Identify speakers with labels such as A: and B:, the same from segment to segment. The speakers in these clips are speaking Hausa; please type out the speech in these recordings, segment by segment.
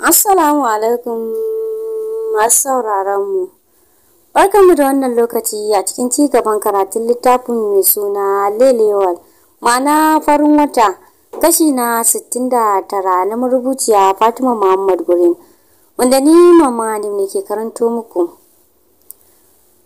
A: Assalamu alaikum masu sauraron mu. Barkanmu da wannan lokaci a cikin ci gaban karatun littafin mai suna Lelewal, ma'ana farin wata, kashi na 69 na marubuciya Fatima Muhammad Gurin, wanda ni mama ne ke karanto muku.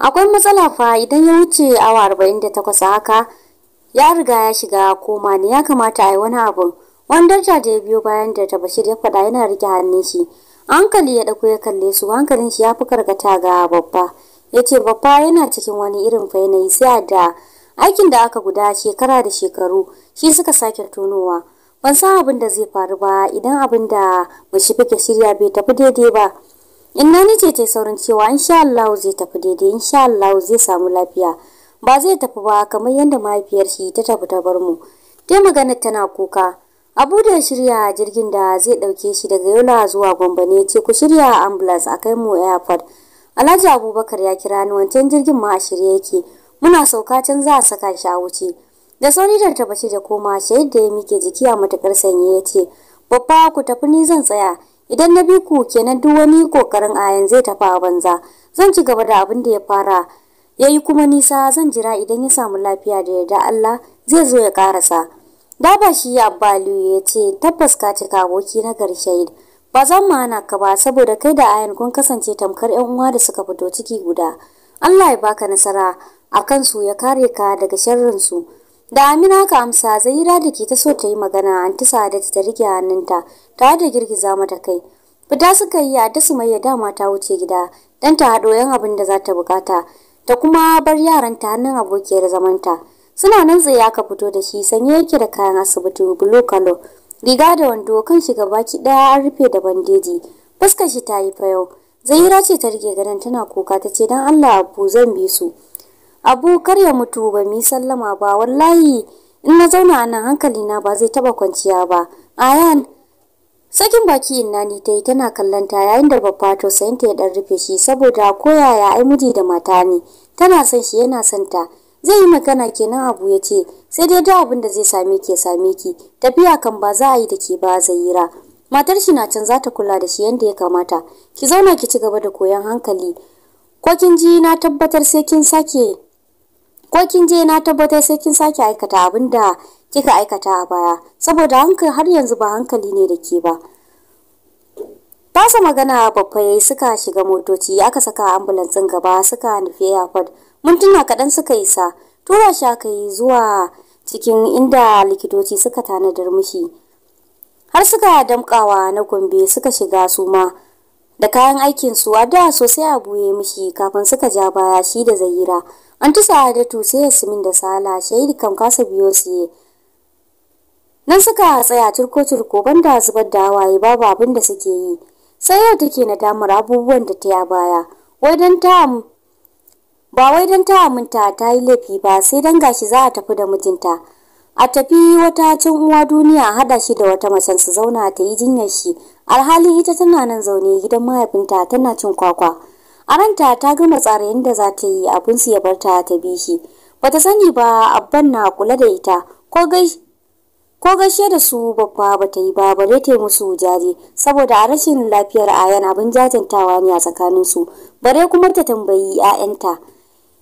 A: Akwai matsala fa idan ya wuce awa 48 haka, ya riga ya shiga koma ne ya kamata a yi wani abu. Wan darja da ya biyo bayan da bashir ya faɗa yana rike hannun shi hankali ya ɗauko ya kalle su hankalin shi ya fi karkata ga babba yace babba yana cikin wani irin fainayi sai da aikin da aka guda shekara da shekaru shi suka sake tonowa ban san abin da zai faru ba idan abin da bashi fike shirya bai tafi daidai ba in nani ce ta saurin cewa insha Allah zai tafi daidai insha Allah zai samu lafiya ba zai tafi ba kamar yadda mahaifiyar shi ta tafi ta bar mu dai magana tana kuka abuda da shirya jirgin da zai ɗauke shi daga yola zuwa gombe ne ce ku shirya ambulance a kai mu airport alhaji abubakar ya kira ni wancan jirgin ma a shirya yake muna sauka can za a saka shi a wuce da sauri da bace da koma shahid da ya mike jiki a matakar sanye ya ce babba ku tafi ni zan tsaya idan na bi ku kenan duk wani kokarin ayan zai tafi a banza zan ci gaba da abin da ya fara ya yi kuma nisa zan jira idan ya samu lafiya da yarda Allah zai zo ya karasa Daba shi ya balu ya ce tabbas ka cika aboki na garshayid. Ba zan ma ka ba saboda kai da ayan kun kasance tamkar yan uwa da suka fito ciki guda. Allah ya baka nasara a kansu ya kare ka daga sharrin su Da Amina ka amsa Zaira da ke ta so ta yi magana anti Sadat ta rike hannunta tare da girgiza mata kai. Fita suka yi a su mai dama mata wuce gida dan ta haɗo yan abin da za ta bukata ta kuma bar yaranta hannun abokiyar zamanta. suna nan zai aka fito da shi sanye yake da kayan asibiti blue color riga da wando kan shiga baki daya an rufe da bandeji fuskar shi ta yi yau zahira ce ta rike gadon tana kuka ta ce dan Allah abu zan bi su abu kar ya mutu ba mi sallama ba wallahi in na zauna a nan hankali na ba zai taba kwanciya ba ayan sakin baki inna ni ta yi tana kallon ta yayin da babba to sayin ta ya dan rufe shi saboda koyaya ai miji da mata ne tana son shi yana son ta zai yi magana kenan abu ya ce sai dai duk abin da zai same ki ya same ki tafiya kan ba za a yi da ke ba zaira matar shi na can za ta kula da shi yadda ya kamata ki zauna ki ci gaba da koyon hankali ko kin ji tabbatar sai kin je na tabbatar sai kin sake aikata abin da kika aikata a baya saboda hankali har yanzu ba hankali ne da ke ba fasa magana babba yayi suka shiga motoci aka saka ambulance gaba suka nufi airport mintuna kaɗan suka isa tura shi aka yi zuwa cikin inda likitoci suka tanadar mishi har suka damƙawa na gombe suka shiga su ma da kayan aikin su a da sosai a buye mishi kafin suka ja baya shi da zahira an ci sa'adatu sai yasmin da sala shaidu kan kasa biyo siye nan suka tsaya turko-turko banda zubar da hawaye babu abin da suke yi sai yau take na damar abubuwan da ta ya baya wai don ta ba wai don ta aminta ta yi laifi ba sai don gashi za a tafi da mijinta a tafi wata can uwa duniya hada shi da wata macen su zauna ta yi jinyar shi alhali ita tana nan zaune gidan mahaifinta tana cin kwakwa a ranta ta gama tsara yadda za ta yi abin su ya bar ta ta bi shi bata sani ba abban na kula da ita ko gaishe da su babba bata yi ba bare ta musu jari saboda a rashin lafiyar ayan abin jajantawa ne a tsakaninsu bare kuma ta tambayi 'ya'yanta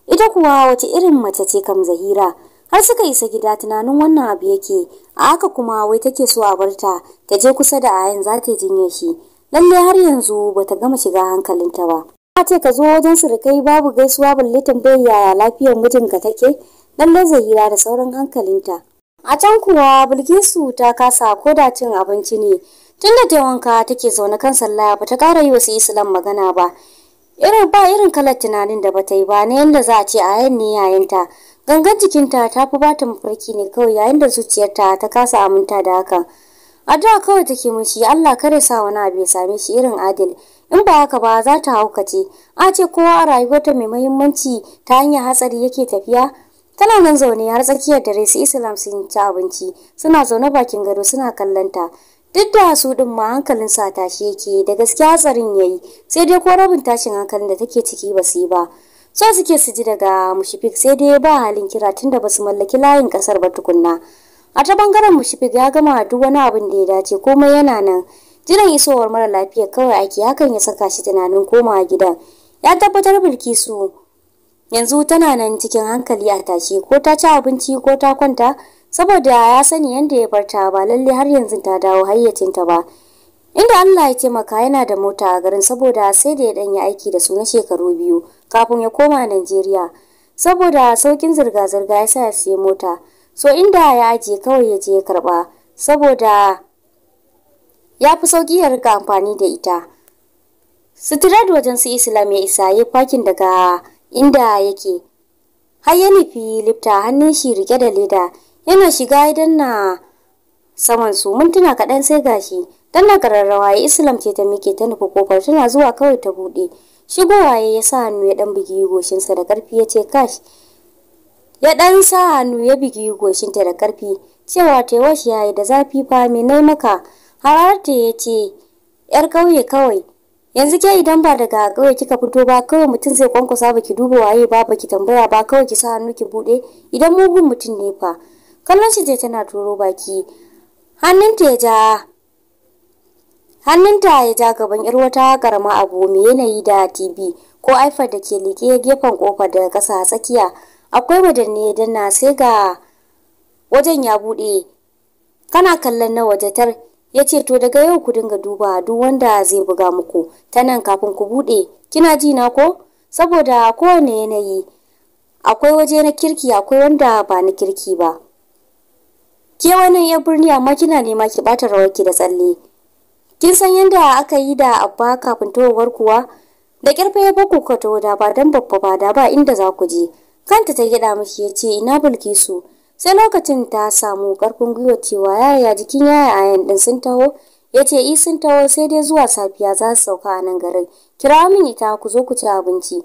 A: ita kuwa wace irin mace ce kam zahira har suka isa gida tunanin wannan abu yake a haka kuma wai take so a barta ta je kusa da ayan za ta jinye shi lalle har yanzu ba ta gama shiga hankalinta ba a ce ka zo wajen surukai babu gaisuwa balle tambayar yaya lafiyar mijinka take lalle zahira da sauran hankalinta a can kuwa bilkisu ta kasa ko da cin abinci ne tun da ta wanka take zaune kan sallah ba ta kara yi wasu islam magana ba irin ba irin kalar tunanin da bata yi ba na yadda za a ce a yan ne ta gangan jikinta ta fi ba ta mafarki ne kawai yayin da zuciyarta ta kasa aminta da hakan addu'a kawai take mishi Allah ya sa wani abu ya same shi irin adil in ba haka ba za ta kace. a ce kowa a rayuwarta mai muhimmanci ta hanyar hatsari yake tafiya tana nan zaune har tsakiyar dare su islam sun ci abinci suna zaune bakin gado suna kallon ta duk da wasu din ma hankalin sa tashi yake da gaskiya hatsarin yayi sai dai ko rabin tashin hankalin da take ciki ba su yi ba so suke su ji daga mushifik sai dai ba halin kira tunda ba su mallaki layin kasar ba tukunna a ta bangaren mushifik ya gama duk wani abin da ya dace komai yana nan jiran isowar mara lafiya kawai ake hakan ya saka shi tunanin komawa gidan ya tabbatar bilkisu yanzu tana nan cikin hankali a tashi ko ta ci abinci ko ta kwanta saboda ya sani yadda ya barta ba lalle har yanzu ta dawo hayyacinta ba inda Allah ya taimaka yana da mota a garin saboda sai da ya dan yi aiki da su na shekaru biyu kafin ya koma Najeriya saboda saukin zirga zirga ya sa ya siya mota so inda ya aje kawai ya je ya karba saboda ya fi sauki ya rika amfani da ita Sitirad wajen su Islam ya isa ya fakin daga inda yake har ya nufi lifta hannun shi rike da leda yana shiga idan na saman su mintuna kaɗan sai gashi danna kararrawa ya islam ce ta mike ta nufi ƙofar. tana zuwa kawai ta buɗe shigowa ya sa hannu ya ɗan bugi goshinsa da ƙarfi ya ce kash ya ɗan sa hannu ya bugi goshinta da ƙarfi cewa taiwashi ya yi da zafi fa me nai maka hararta ya ce yar kauye kawai yanzu ke idan ba daga ƙauye kika fito ba kawai mutum zai kwankwasa ba ki duba waye ba ki tambaya ba kawai ki sa hannu ki buɗe idan mugun mutum ne fa kallon shi je tana turo baki hannunta ya ja hannunta ya ja gaban yar wata karama abu mai yanayi da tv ko aifar da ke liƙe gefen kofar da ƙasa tsakiya akwai madanne na, sai ga wajen ya buɗe kana kallon na wajatar ya ce to daga yau ku dinga duba duk wanda zai buga muku ta nan kafin ku buɗe kina ji na ko saboda kowane yanayi akwai waje na kirki akwai wanda ba na kirki ba ke wani ya birni amma kina nema ki bata rawar ki da tsalle kin san yadda aka yi da abba kafin towar kuwa da kirfe ya baku ka to da ba dan babba ba da ba inda za ku je kanta ta gida mishi ya ce ina bilkisu sai lokacin ta samu karfin gwiwa cewa yaya jikin yaya ayan din sun taho yace i eh, sun taho sai dai zuwa safiya za su sauka a nan garin kira min ita ku zo ku ci abinci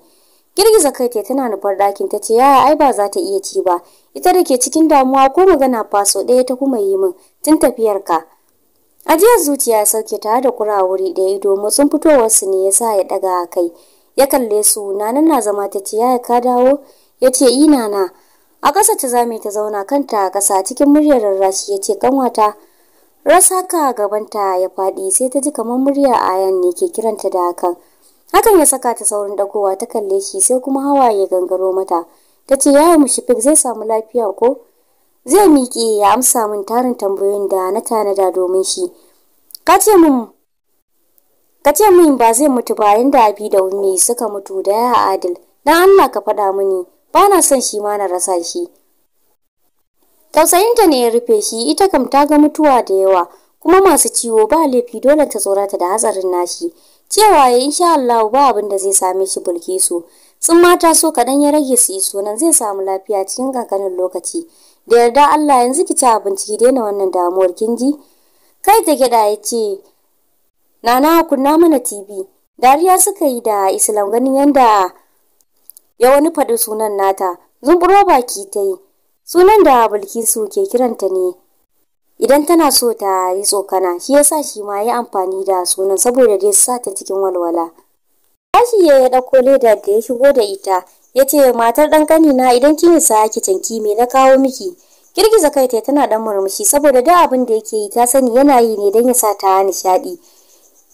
A: girgiza kai tana nufar dakin ta ce yaya ai ba za ta iya ci ba ita da ke cikin damuwa ko magana faso ɗaya ta kuma yi min tun tafiyar ka ajiyar zuciya ya sauke tare da kura wuri ɗaya domin sun fitowarsu ne ya sa ya ɗaga a kai ya kalle su nanan na zama ta ce ya ka dawo ya ce ina na a ƙasa ta zame ta zauna kanta a ƙasa cikin muryar rarrashi ya ce kanwata rasa ka gabanta ya faɗi sai ta ji kamar murya ayan ne ke kiranta da hakan hakan ya saka ta saurin ɗaukowa ta kalle shi sai kuma hawaye gangaro mata ta ce yawon mushifik zai samu lafiya ko zai miƙe ya amsa min tarin tambayoyin da na tanada domin shi ka ce min ba zai mutu ba yanda abi da ummi suka mutu da ya adil dan Allah ka faɗa mini ba na son shi ma na rasa shi tausayinta ne ya rufe shi ita kam ta ga mutuwa da yawa kuma masu ciwo ba laifi dole ta tsorata da hatsarin nashi cewa ya insha Allah ba abin da zai same shi bulkisu sun ta so kaɗan ya rage su yi sunan zai samu lafiya cikin kankanin lokaci da yarda Allah yanzu ki ci abinci ki daina wannan damuwar kin ji kai ta gida ya ce nana kunna mana tv dariya suka yi da islam ganin yanda ya wani faɗi sunan nata zumburo baki ta yi sunan da bilkisu ke kiranta ne idan tana so ta yi tsokana shi yasa shi ma ya amfani da sunan saboda dai sa ta cikin walwala bashi ya ɗauko ledar da ya shigo da ita, ya ce matar ɗan ƙanina idan kin isa ki canki me na kawo miki. Girgiza kai ta tana ɗan murmushi saboda da abin da yake yi ta sani yana yi ne don ya sa ta nishaɗi.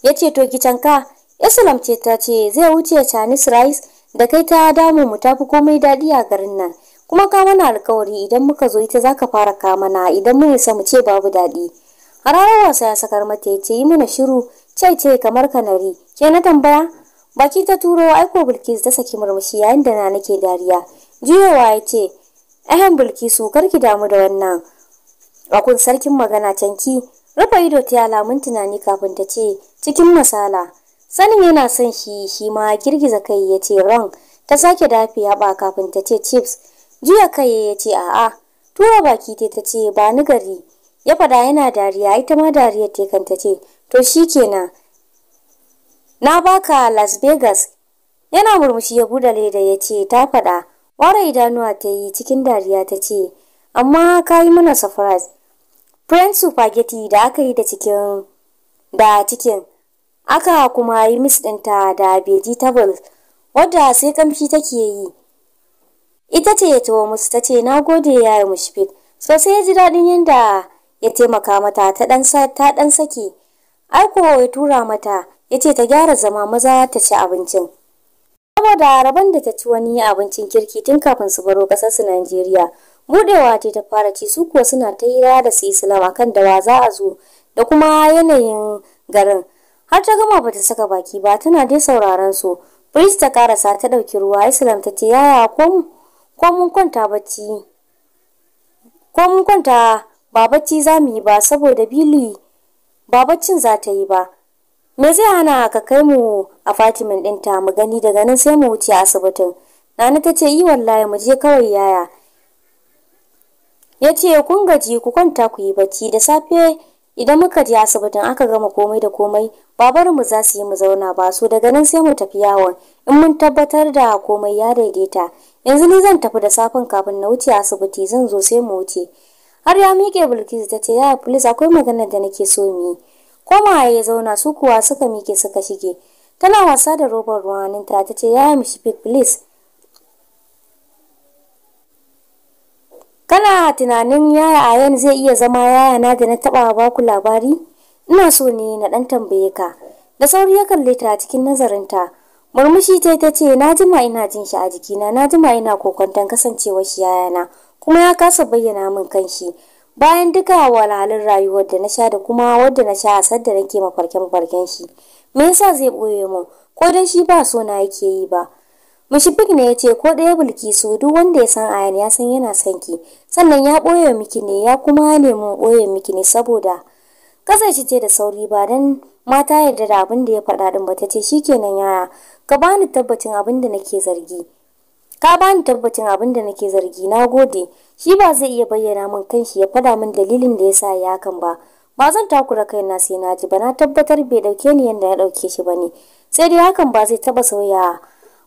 A: Ya ce to ki canka, Islam ce ta ce zai wuce Chinese rice da kai ta damu mu tafi komai daɗi a garin nan. Kuma ka mana alkawari idan muka zo ita za ka fara ka mana idan mun isa mu ce babu daɗi. Hararar wasa ya sakar mata ya ce yi mana shiru, cai ce kamar kanari, ke na tambaya? baki ta turo aiko bilkisu ta saki murmushi yayin da na nake dariya jiyowa ya ce ahem bilkisu kar ki damu da wannan akun sarkin magana canki rufe ido ta alamun tunani kafin ta ce cikin masala sanin yana son shi shi ma girgiza kai ya ce ran ta sake dafi ba kafin ta ce chips juya kai ya ce a'a tura baki ta ta ce ba ni gari ya fada yana dariya ita ma dariyar ta kanta ce to shikenan na baka las vegas yana murmushi ya buɗe leda ya ce ta faɗa wara idanuwa ta yi cikin dariya ta ce amma ka yi mana surprise french spaghetti da aka yi da cikin da cikin aka kuma yi mis ɗinta da vegetables wadda sai kamshi take yi ita ce ya tuwo musu ta ce na gode ya yi fit. sosai ya ji daɗin yadda ya taimaka mata ta ɗan sake aiko ya tura mata yace ta gyara zama maza ta ci abincin saboda rabon da ta ci wani abincin kirki tun kafin su baro su najeriya budewa ce ta fara ci su kuwa suna ta hira da su islam a kan dawa za a zo da kuma yanayin garin har ta gama bata saka baki ba tana dai sauraron su priest ta karasa ta ɗauki ruwa islam ta ce yaya ko mun kwanta bacci ko kwanta ba bacci za mu yi ba saboda bili ba baccin za ta yi ba me zai hana ka kai mu apartment ɗinta mu gani daga nan sai mu wuce asibitin nana ta ce yi wallahi mu je kawai yaya ya ce kun gaji ku kwanta ku yi bacci da safe idan muka je asibitin aka gama komai da komai babar mu za su yi mu zauna ba so daga nan sai mu tafi yawon in mun tabbatar da komai ya daidaita yanzu ni zan tafi da safin kafin na wuce asibiti zan zo sai mu wuce har ya miƙe bilkisu ta ce yaya filis akwai magana da nake so mu yi komawa ya zauna su kuwa suka mike suka shige tana wasa da robar ruwaninta ta ce ya yi mishi please kana tunanin yaya ayan zai iya zama yaya na da na taba ba ku labari ina so ne na dan tambaye ka da sauri ya kalle ta cikin nazarinta murmushi ta ta ce na jima ina jin shi a jikina na jima ina kokonton kasancewar shi yayana kuma ya kasa bayyana min kanshi bayan duka walhalin rayuwar da na sha da kuma wadda na sha asar da nake mafarkin mafarkin shi me yasa zai boye mun ko dan shi ba so na yake yi ba mushifik ne ya ce ko ɗaya bilkisu duk wanda ya san ayan ya san yana son ki sannan ya ɓoye miki ne ya kuma nemi ɓoye miki ne saboda kasance ce da sauri ba dan mata yarda da abin da ya faɗa din ba ta ce shikenan yaya ka bani tabbacin abin da nake zargi ka bani tabbacin abin da nake zargi na gode shi ba zai iya bayyana min kanshi ya fada min dalilin da yasa ya hakan ba ba zan takura kaina sai na ji ba na tabbatar bai dauke ni yanda ya dauke shi bane sai dai hakan ba zai taba sauya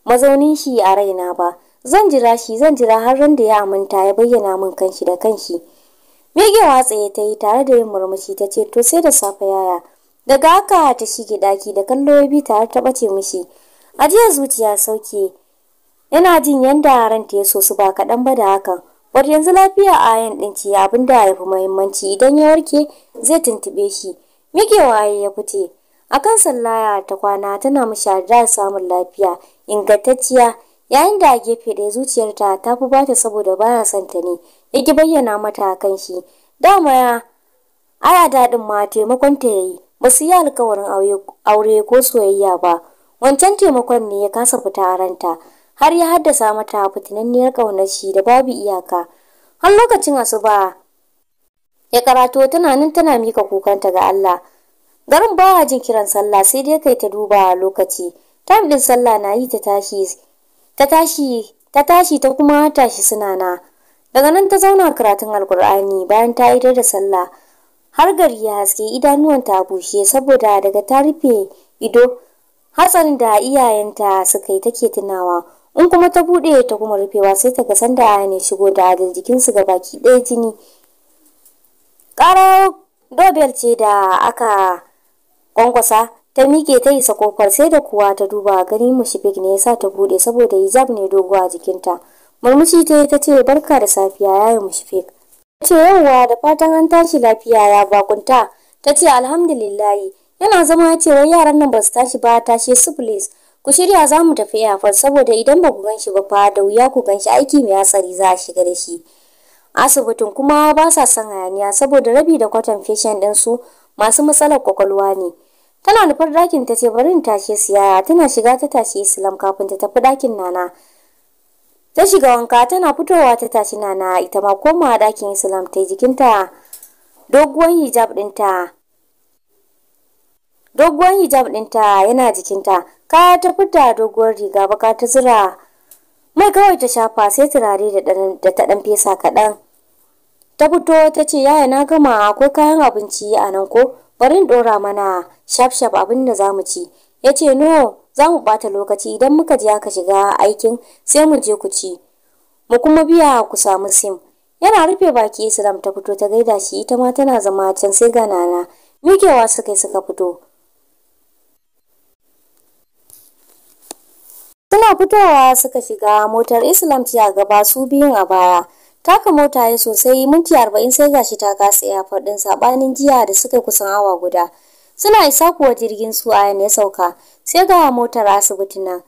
A: mazaunin shi a raina ba zan jira shi zan jira har ran da ya aminta ya bayyana min kanshi da kanshi migewa tsaye ta yi tare da yin murmushi ta ce to sai da safe yaya daga haka ta shige daki da kallo ya bi tare ta bace mishi ajiya zuciya sauke yana jin yanda ranta ya so su ba kaɗan ba da hakan war yanzu lafiya a yan ɗinki abin da ya fi muhimmanci idan ya warke zai tuntuɓe shi waye ya A akan sallaya ta kwana tana mishadar samun lafiya ingantacciya yayin da a gefe ɗaya zuciyarta ta fi bata saboda baya son ta ne ya bayyana mata kan shi dama ya aya daɗin ma taimakon ta yayi ba su yi alkawarin aure ko soyayya ba wancan taimakon ne ya kasa fita a har ya haddasa mata fitinanniyar ƙaunar shi da babu iyaka har lokacin asuba ya karato tunanin tana mika kukanta ga Allah garin ba jin kiran sallah sai dai kai ta duba lokaci time din sallah na yi ta tashi ta tashi ta tashi ta kuma tashi suna na daga nan ta zauna karatun alkur'ani bayan ta idar da sallah har gari ya haske idanuwanta a bushe saboda daga ta rufe ido hatsarin da iyayenta suka yi take tunawa in kuma ta bude ta kuma rufewa sai ta ga sanda aya ne shigo da adal jikinsu ga baki ɗaya jini ƙara dobel ce da aka kwankwasa ta miƙe ta isa kofar sai da kuwa ta duba gani mushifik ne yasa ta bude saboda hijab ne dogo a jikinta murmushi ta ta ce barka da safiya yayi mushifik ta ce yauwa da fatan an tashi lafiya ya bakunta ta ce alhamdulillahi yana zama ya ce wai yaran nan ba su tashi ba tashe su please Ku shirya za mu tafi 'yafar saboda idan ba ku ganshi ba fa da wuya ku ganshi aiki mai hatsari za a shiga da shi. Asibitin kuma ba sa son hayaniya saboda rabi da kwatan din su masu matsalar kwakwalwa ne. Tana nufar dakin ta ce barin tashi siyaya tana shiga ta tashi Islam kafin ta tafi ɗakin Nana. Ta shiga wanka tana fitowa ta tashi Nana ita ma koma dakin Islam ta jikinta doguwan hijab dinta doguwan hijab ɗinta yana jikinta Ka ta fita doguwar riga baka ta zura mai kawai ta shafa sai turare da ta dan fesa kaɗan ta fito ta ce yaya na gama akwai kayan abinci a nan ko bari in ɗora mana shaf shaf abin da za mu ci ya ce no za mu bata lokaci idan muka je aka shiga aikin sai mu je ku ci mu kuma biya ku samu sim yana rufe baki islam ta fito ta gaida shi ita ma tana zama can sai ga nana miƙewa suka suka fito Suna fitowa suka shiga motar Islam a gaba su biyun a baya. Taka mota ya sosai minti arba'in sai gashi ta kasa ya faɗin saɓanin jiya da suka kusan awa guda. Suna isa kuwa jirgin su a ya sauka sai ga motar asibiti nan.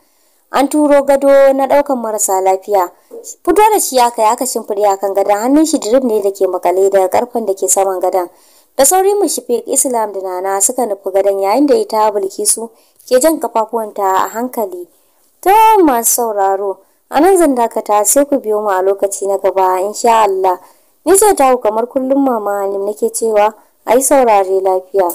A: An turo gado na ɗaukar marasa lafiya. Fito da shi aka aka shimfiri akan gadon hannun shi drip ne da ke makale daga ƙarfen da ke saman gadon. Da sauri mushfik Islam da Nana suka nufi gadon yayin da ita Bilkisu ke jan kafafuwanta a hankali. ta masu sauraro a nan zan dakata sai ku biyo mu a lokaci na gaba insha Allah ni ce kamar kullum mama nake cewa yi saurare lafiya